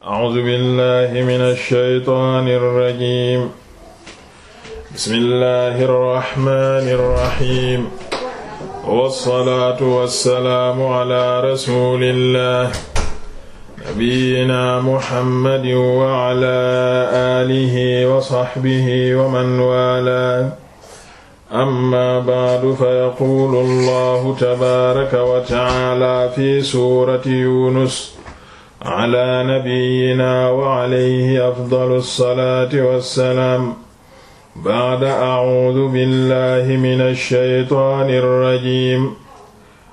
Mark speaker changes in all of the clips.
Speaker 1: A'uuzu billaahi mina shaytaani rajiim. Bismillaahi rahmaani rahiim. Wassalaatu wassalaamu alaa rasuulillaah. Nabiyyinaa Muhammadin wa alaa aalihi wa sahbihi wa man waalaah. Amma ba'du fayaquulu Allaahu tabaaraka wa ta'aalaa fi suurati Yuunus. ala nabiyyina wa alayhi afdalu salaati wa salaam ba'da a'uudu billahi mina shaytaani rajiim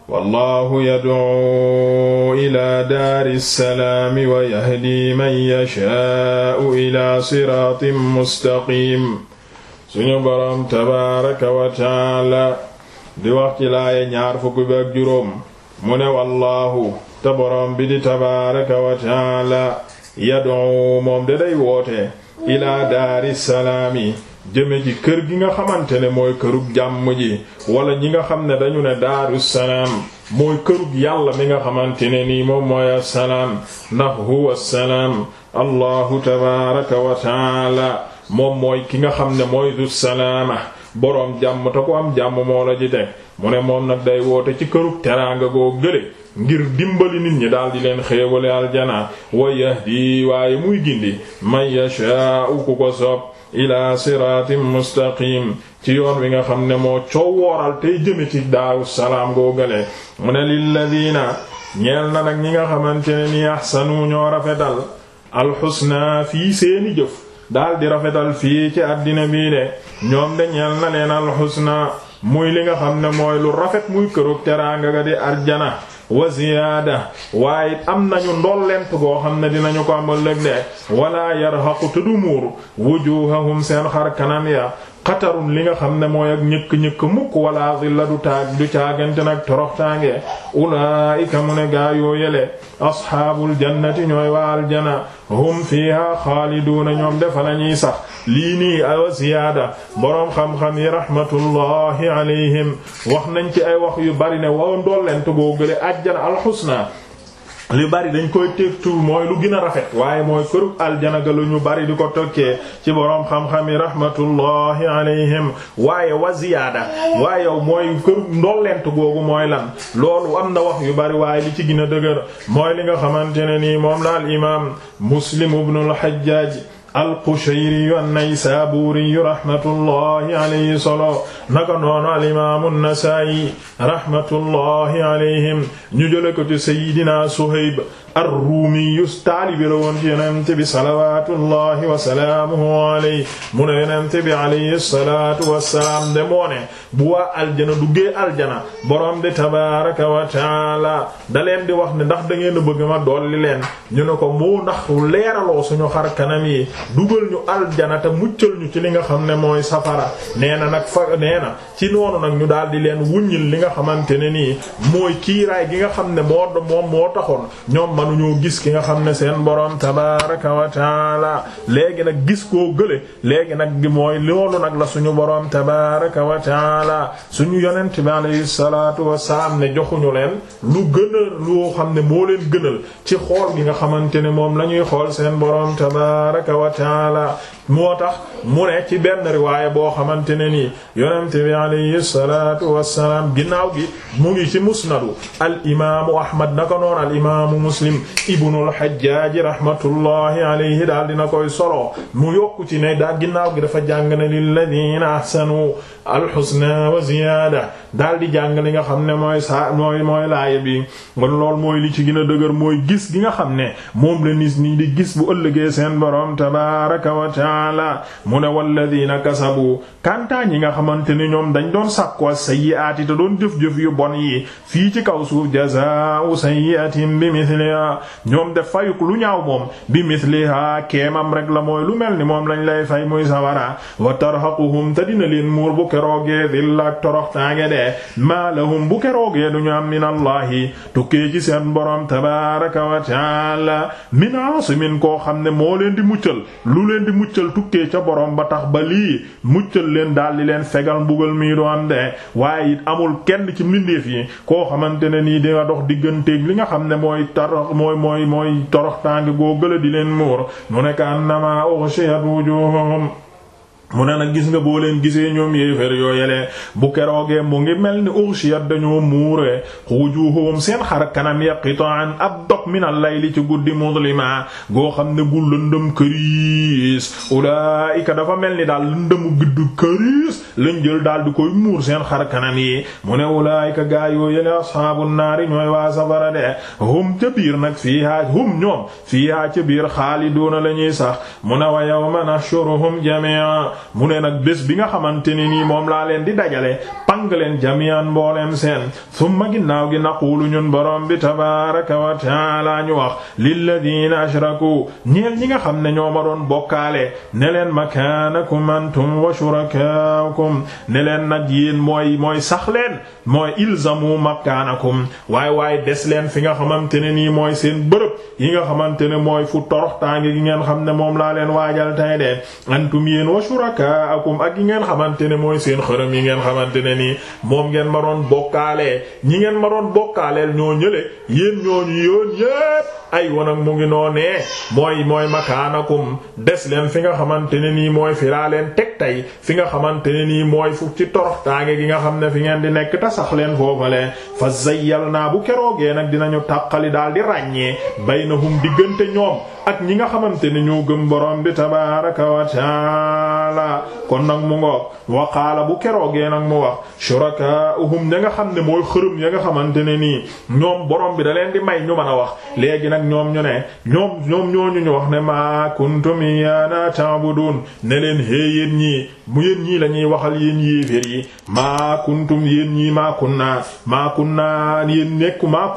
Speaker 1: wallaahu yad'uu ilaa daari salaami wa yahdii man yashaa'u ilaa siraatin mustaqiim suñu boroom tabaaraka wa ta'aala di wax ci laaya ñaar fukk ak juróom mu ne wallaahu te boroom bi di tabaaraka wa taala yad'u moom de day woote ilaa daari salaami jëme ci kër gi nga xamante ne mooy kërug jàmm ji wala ñi nga xam ne dañu ne daaru salaam mooy kërug yàlla mi nga xamante ne nii moom mooy assalaam ndax huwa assalaam allahu tabaaraka wa moom mooy ki nga xam ne mooy du salaama boroom jàmm te ko am jàmm moo la ji teg mu ne moom nag day woote ci kërug teraanga goo gële ngir dimbali nit ñi daal di leen xéewale aljana wa yahdi waaye muy gindi man yashaa'u ku ko sob ila siraatin mustaqim ci yoon wi nga xam ne moo coow wooral tey jëme ci daaru salaam googale mu ne lilladina ñeel na nag ñi nga xamante ne ni ahsanu ñoo rafetal alxusna fii seeni jëf daal di rafetal fii ci àddina bii de ñoom de ñeel na leen alxusna muy li nga xam ne mooy lu rafet muy këroog teraanga ga di arjana wa ziyaada waaye am nañu ndollent goo xam ne dinañu ko am ëllëg de wala yarhaqu te du muur wujuhahum seen xar kanam ya xatarun li nga xam ne mooy ak ñëkk-ñëkk mukk wala zilla du taag du caagante nag torox tànge ulaayika mu ne gaa yoo yele asxaabul jannati ñooy waa aljana hum fiiha xaaliduuna ñoom defa lañuy sax lii nii awa ziyaada boroom xam-xam yi rahmatullahi alayhim wax nañ ci ay wax yu bari ne wow ndolleent boo gële ajjana alxusna li bari dañ koy tegtu mooy lu gën a rafet waaye mooy kërug aljana ga lu ñu bari di ko tokkee ci boroom xam-xam yi rahmatullahi alayhim waaye wa ziyaada waaye mooy kërug ndolleent googu mooy lan loolu am na wax yu bari waaye li ci gën a dëgër mooy li nga xamante ne nii moom la al imaam muslim ibnul hajjaaj al-Qushayri an-Naysaburi rahmatullahi alayhi solo naka noonu al-Imam an-Nasa'i rahmatullahi alayhim ñu jële ko ci Seydina Suhayb ar-Ruumi taalibe la woon ci Yonent bi salawaatullahi wa salaamuhu alayhi mu ne Yonent bi alayhi salaatu wa salaam de moo ne bu waa aljana duggee aljana boroom di tabaaraka wa taala da leen di wax ne ndax da ngeen bëgg ma dolli leen ñu ne ko moo ndax leeraloo suñu xar kanam yi dugal ñu aljana te muccal ñu ci li nga xam ne mooy safara nee na nag fa nee na ci noonu nag ñu daal di leen wuññil li nga xamante ne nii mooy kiiraay gi nga xam ne moo moom moo taxoon manuñoo gis ki nga xam ne seen borom tabaraka wa taala léegi nag gis koo gële léegi nag gi mooy loolu nag la suñu borom tabaraka wa taala suñu yonent bi alayhi salaatu wasalaam ne joxuñu leen lu gënal lu xam ne moo leen gënal ci gi nga xamante ne moom la ñuy xool seen borom tabaraka wa taala moo tax mu ne ci benn riwaaya boo xamante ne nii yonent bi alayhi salaatu wasalaam ginnaaw gi mu ngi ci musnadu al ahmad naka noon al imaamu muslim muslim ibnul hajjaaj rahmatullahi alayhi daal dina koy solo mu yokku ci ne daa ginnaaw gi dafa jàng ne lilladina ahsanu alxusna wa ziyaada daal di jàng li nga xam ne mooy saa mooy mooy laaya bi kon lool mooy li ci gën a dëgër mooy gis gi nga xam ne moom la nit ñi di gis bu ëllëgee seen borom tabaaraka wa taala mu na walladina kasabu kantaa ñi nga xamante ni ñoom dañ doon sàkku sayyi'aati te doon jëf-jëf yu bon yi fii ci kaw suuf jazaa'u sayyi'atin bi mithliha jazaa'an ñoom de fayuk lu ñaaw moom bi misliha keemam rek la mooy lu mel ni moom lañ lay fay muy sawara wa tarhaquhum te dina leen muur bu keroogee dilla toroxtaange de maa lahum bu keroogee duñu am min allahi tukkee ci seen borom tabaaraka wa taala min koo xam ne moo leen di muccal lu leen di muccal tukkee ca borom ba tax ba lii muccal leen daldi leen fegal mbugal mii du am de waaye it amul kenn ci mbindeef yi koo xamante ne nii di dox mooy mooy mooy torox tàng goo gëla di leen muur mu maa annama ughshiyat wujuhum mun ne gis nga boo leen gisee ñoom yéefér yoo yelee bu keroogee mu ngi mel ni urshiyat dañoo muuree wujuhum seen xar kanam yaqitaan ab dog min al-layli ci guddi mudlima goo xam ne gu lëndëm këriis ulaayika dafa mel ni daal lëndëmu guddi këriis lañ jël daal di koy muur seen xar kanam yi mu ne ulaayika gaa yoo yele ashaabun naari ñooy waa safara de hum ca biir nag fiihaa hum ñoom fiihaa ca biir xaaliduuna la sax mu ne wa yawma nahshuruhum jamii'an mu ne nag bés bi nga xamante ne nii moom laa leen di dajale pang leen jamian mbooleem seen summa ginnaaw gi naqulu ñun boroom bi tabaraka wa taala ñu wax lilladina ashraku ñeel ñi nga xam ne ñoo ma doon bokkaale ne leen makaanakum antum wa shurakaakum ne leen nag yéen mooy mooy sax leen mooy ilzamu makaanakum waaye waaye des leen fi nga xamante ne nii mooy seen bërëb yi nga xamante ne mooy fu toroxtaange gi ngeen xam ne moom laa leen waajal tay de shurakaakum ak yi ngeen xamante ne mooy seen xërëm yi ngeen xamante ne nii moom ngeen ma doon bokkaalee ñi ngeen ma doon bokkaaleel ñoo ñële yéen ñooñu yoon yépp ay wan ak mu ngi noonee mooy mooy makaanakum des leen fi nga xamante ne nii mooy fi laa leen teg tey fi nga xamante ne nii mooy fu ci toroxtaange gi nga xam ne fi ngeen di nekk te sax leen foofale fa zayyal naa bu keroogee nag dinañu tàqali daal di ràññee baynahum diggante ñoom ak ñi nga xamante ne ñoo gëm boroom bi tabaaraka wa taala kon nag mu ngoog waqaala bu keroo keroogee nag mu wax shurakaahum ña nga xam ne mooy xërëm ya nga xamante ne nii ñoom borom bi da di may ñu mën a wax ñoom ñu ñoom ñoom ñooñu ñu wax ne maa kuntum iyyaana ta'budun ne leen hee yéen ñii mu yéen ñii la ñuy waxal yéen yéeféer yi maa kuntum yéen ñii maa kunna maa kunna yéen nekku maa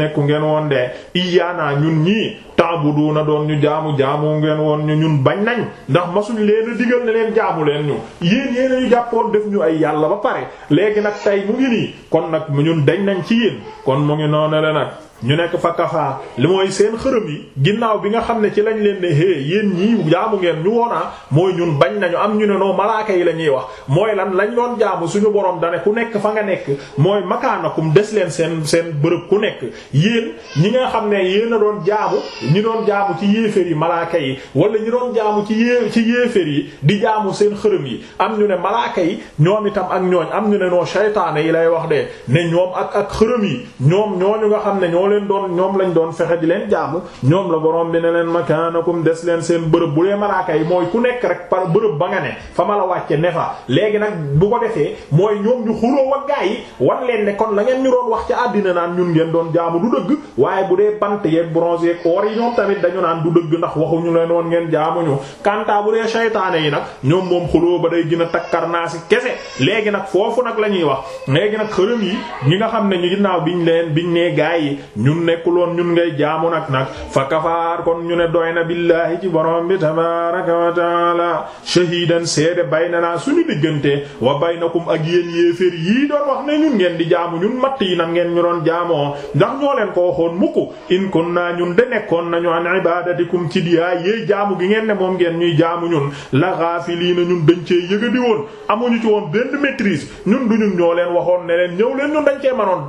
Speaker 1: nekku ngeen woon de iyyaana ñun ñii ta'buduna doon ñu jaamu jaamu ngeen woon ñu ñun bañ nañ ndax masuñ leen a digal ne jaamu leen ñu yéen yéen ñu jàppoon def ñu ay yàlla ba pare léegi nag tey mu ngi nii kon nag ñun deñ nañ ci yéen kon mu ngi noonu la nag ñu nekk fa kafa li mooy seen xërëm yi ginnaaw bi nga xam ne ci lañu leen ne hé yéen ñii jaamu ngeen ñu woonaa ah, mooy ñun bañ nañu am ñu ne noo malaaka yi la ñuy wax mooy lan lañ doon jaamu suñu borom dane ku nekk fa nga nekk mooy makaanakum des leen seen seen bërëb ku nekk yéen ñi nga xam ne yéen a doon jaamu ñi doon jaamu ci yéeféer yi malaaka yi wala ñi doon ci yée ci yéeféer yi di jaamu seen xërëm yi am ñu ne malaaka yi ñoom itam ak ñooñ am ñu ne noo saytaane yi lay wax de ne ñoom ak ak xërëm yi ñoom ñooñu nga xam ne leen doon ñoom lañ doon fexe di leen jaamu ñoom la borom bi ne leen makaanakum des leen seen bërëb bu dee malaaka yi mooy ku nekk rek par bërëb ba nga ne fa ma la wàcce ne fa léegi nag bu ko defee mooy ñoom ñu xuloo ak gaa yi wan leen ne kon la ngeen ñu doon wax ci àddina naan ñun ngeen doon jaamu du dëgg waaye bu dee bant yeeg bronze yeeg or yi ñoom tamit dañu naan du dëgg ndax waxuñu leen woon ngeen jaamuñu kanta bu dee saytaane yi nag ñoom moom xuloo ba day gën a takkar naa si kese léegi nag foofu nag la ñuy wax léegi yi xam ne ñu ginnaaw biñ leen biñ nee gaa yi ñun nekkuloon ñun ngay jaamu nag nag fa kafaar kon ñu ne doy na billaahi ci borom bi tabaaraka wa taala shahidan seede baynanaa suñu diggante wa baynakum ak yéen yéeféer yii doon wax ne ñun ngeen di jaamu ñun matt yi nan ngeen ñu doon jaamoo ndax ñoo leen ko waxoon mukku in kunna ñun de nekkoon nañu an ibadatikum ci diyaa yéey jaamu gi ngeen ne moom ngeen ñuy jaamu ñun la ghafilina ñun dañ cee yëgadi woon amuñu ci woon benn maîtrise ñun du ñun ñoo leen waxoon leen ñëw leen ñun dañ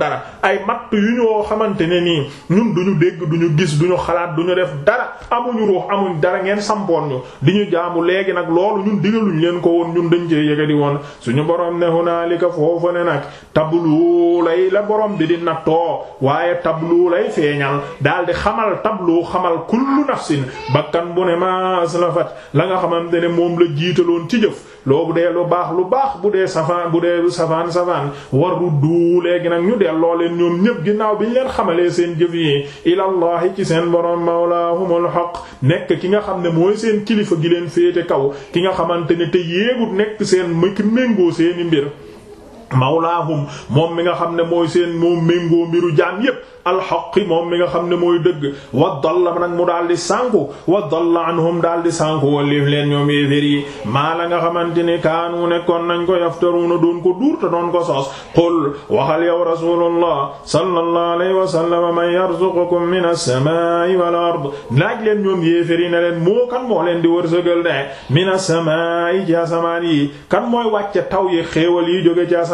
Speaker 1: dara nii ñun du duñu dégg ñu gis ñu xalaat du ñu def dara amuñu ruux amuñ dara ngeen sampoon ñu di ñu jaamu léegi nag loolu ñun digaluñ leen ko woon ñun dañ cee yëgadi woon suñu borom ne hunaalika foofu ne nag tablu lay la boroom bi di nattoo waaye tablu lay feeñal daal di xamal tablu xamal kullu nafsin bakkan bu ne ma aslafat la nga xamante ne moom la jiitaloon ci jëf loo bu dee lu baax lu baax bu dee safaan bu dee safaan safaan war ruddu léegi nag ñu delloo leen ñoom ñëpp ginnaaw bi ñu leen xamalee seen jëf yi ilallahi ci seen borom mawlaahumul haqq nekk ki nga xam ne mooy seen kilifa gi leen féete kaw ki nga xamante ne te yéegut nekk seen mëkk méngoo seeni mbir mawlaahum moom mi nga xam ne mooy seen moom méngoo mbiru jaam yépp alxaqi moom mi nga xam ne mooy dëgg wa dalla nag mu daal di sànku wa dalla anhum daal di sànku waliif leen ñoom yéefér yi la nga xamante ni kaanu nekkoon nañ ko yaftaruuna doon ko duur te doon ko sos qul waxal yow rasulullah sallallahu alayhi wa sallam man yarzuqukum min as-samaa'i wal ard laaj leen ñoom yéefér yi ne leen moo kan moo leen di wërsëgal de min as-samaa'i ci asamaan yi kan mooy wàcce taw yi xéewal yi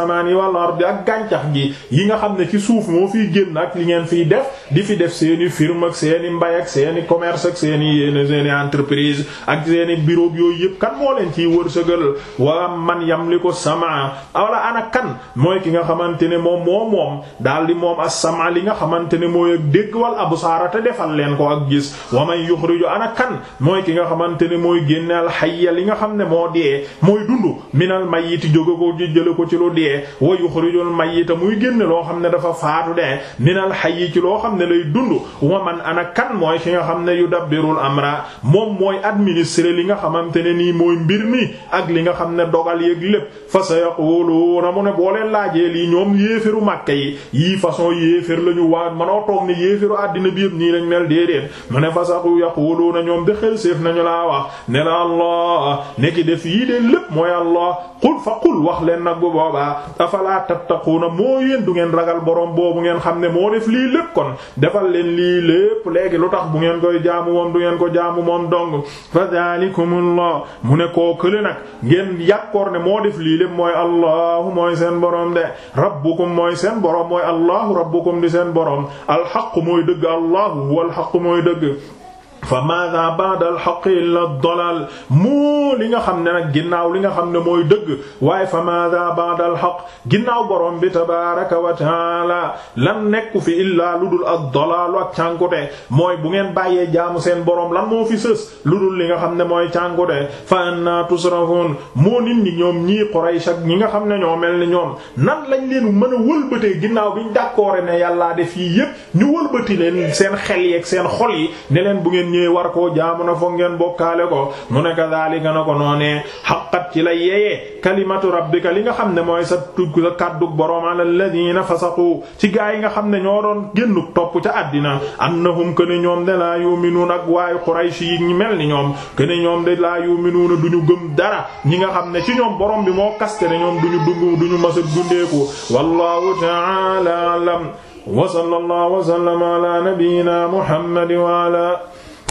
Speaker 1: asamaani wal ardi ak gàncax gi yi nga xam ne ci suuf moo fi génn ak li ngeen fi def di fi def seeni firme ak seeni mbay ak seeni commerce ak seeni yéen seeni entreprise ak seeni bureau yooyu yëpp kan moo leen ciy wërsëgal wala man yam li ko sama wala ana kan mooy ki nga xamante ne moom moom moom daal di moom as-sama li nga xamante ne mooy ak dégg wal absaara te defal leen ko ak gis wa man yuxriju ana kan mooy ki nga xamante ne mooy génne al hayya li nga xam ne moo dee mooy dund minal mayyiti ko jële dee wa yuxrijul mayyita muy génne loo xam ne dafa faatu dee minal hayyi ci loo xam ne lay dund wa man ana kan mooy ki nga xam ne yudabbirul amra moom mooy administrer li nga xamante ne nii mooy mbir mi ak li nga xam ne dogal yéeg lépp fa sayaquluuna mu ne boo leen laajee lii ñoom yéefiru màkke yi yii façon yéefir la ñu waa manoo toog ne yéefiru àddina bi nii lañ mel déedéet mu ne fa saxu yaquluuna ñoom de séef nañu laa wax ne la afala tattaquuna moo yéen du ngeen ragal borom boobu ngeen xam ne moo def lii lépp kon defal leen lii lépp léegi lu tax bu ngeen koy jaamu moom du ngeen ko jaamu moom dong fa dalikumullah mu ne koo kële nag ngeen yàkkoor ne moo def lii lépp mooy allahu mooy seen borom de rabbukum mooy seen borom mooy allahu rabbukum di seen borom alxaqu mooy dëgg allahu huwa alxaqu mooy dëgg fa maada ba'da al-haqq illa ad-dalal moo li nga xam ne nag ginnaaw li nga xam ne mooy dëgg waaye fa maada ba'da al ginnaaw borom bi tabaaraka wa taala lan nekku fi illa lu dul ad-dalal ak cànkute mooy bu ngeen bàyyee jaamu seen borom lan moo fi sës lu dul li nga xam ne mooy cànkute fa anna tusrafun moo nit ñi ñoom ñii Quraysh ak ñi nga xam ne ñoo mel ni ñoom nan lañ leen mën a wëlbatee ginnaaw bi ñu d'accord ne yàllaa de fii yépp ñu wëlbati leen seen xel yi seen xol yi ngeen ñëwee war koo jaamu na foog ngeen bokkaale ko mu ne kadhalika na ko noonee haqqat ci la yeyee kalimatu rabbika li nga xam ne mooy sa tugg sa kàddug boroom alal ladina fasaqu ci gaa yi nga xam ne ñoo doon génnuk topp ca àddina annahum que ne ñoom de laa yu'minuun ak waayu Quraysh yi ñi mel ni ñoom que ne ñoom de laa yu'minuun duñu gëm dara ñi nga xam ne ci ñoom borom bi moo kaste ne ñoom duñu dugg duñu masa dundeeku wallahu ta'ala a'lam wa sallallahu wa sallama